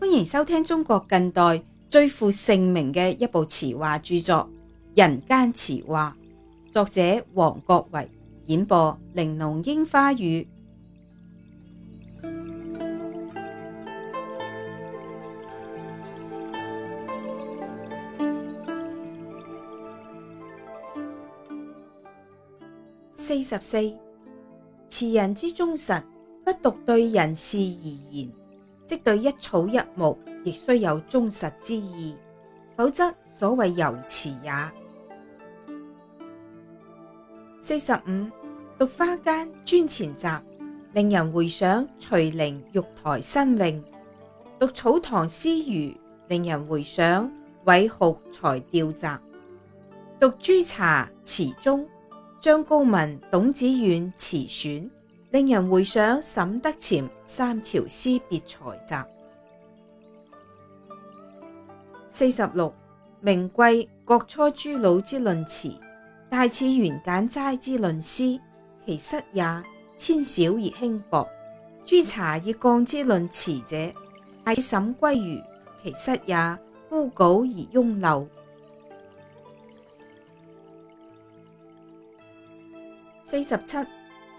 歡迎收聽中國近代最負盛名嘅一部詞話著作《人間詞話》，作者王國維，演播玲瓏櫻花雨。四十四，詞人之忠實，不獨對人事宜然。即對一草一木，亦須有忠實之意，否則所謂游詞也。四十五，讀花間尊前集，令人回想徐陵玉台新詠；讀草堂詩餘，令人回想韋縠才調集；讀朱竹垞詞綜》，張皋文、董子遠詞選。池令人回想沈德潛《三朝詩別裁集》。四十六，明季、國初諸老之論詞，大似袁簡齋之論詩，其失也纖小而輕薄；竹垞以降之論詞者，大似沈歸愚，其失也枯槁而庸陋。四十七。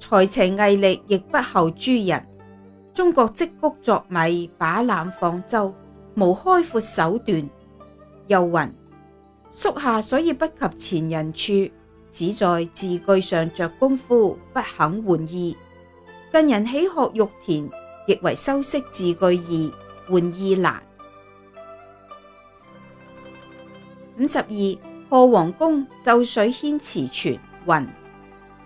才情詣力亦不後諸人。終覺積穀作米，把攬放船，無開闊手段。又云：叔夏所以不及前人處，只在字句上着功夫，不肯換意。近人喜學玉田，亦為修飾字句易，換意難。五十二，賀黃公皺水軒詞筌云。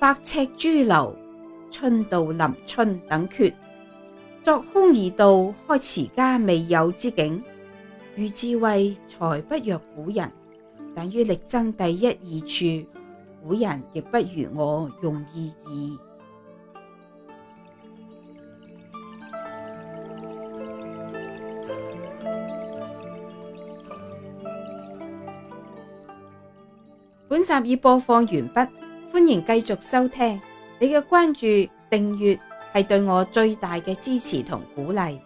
百尺朱樓、春到臨春等闋，鑿空而道，開詞家未有之境。余自謂才不若古人，但於力爭第一義處，古人亦不如我用意耳。本集已播放完畢。歡迎繼續收聽，你嘅關注、訂閱係對我最大嘅支持同鼓勵。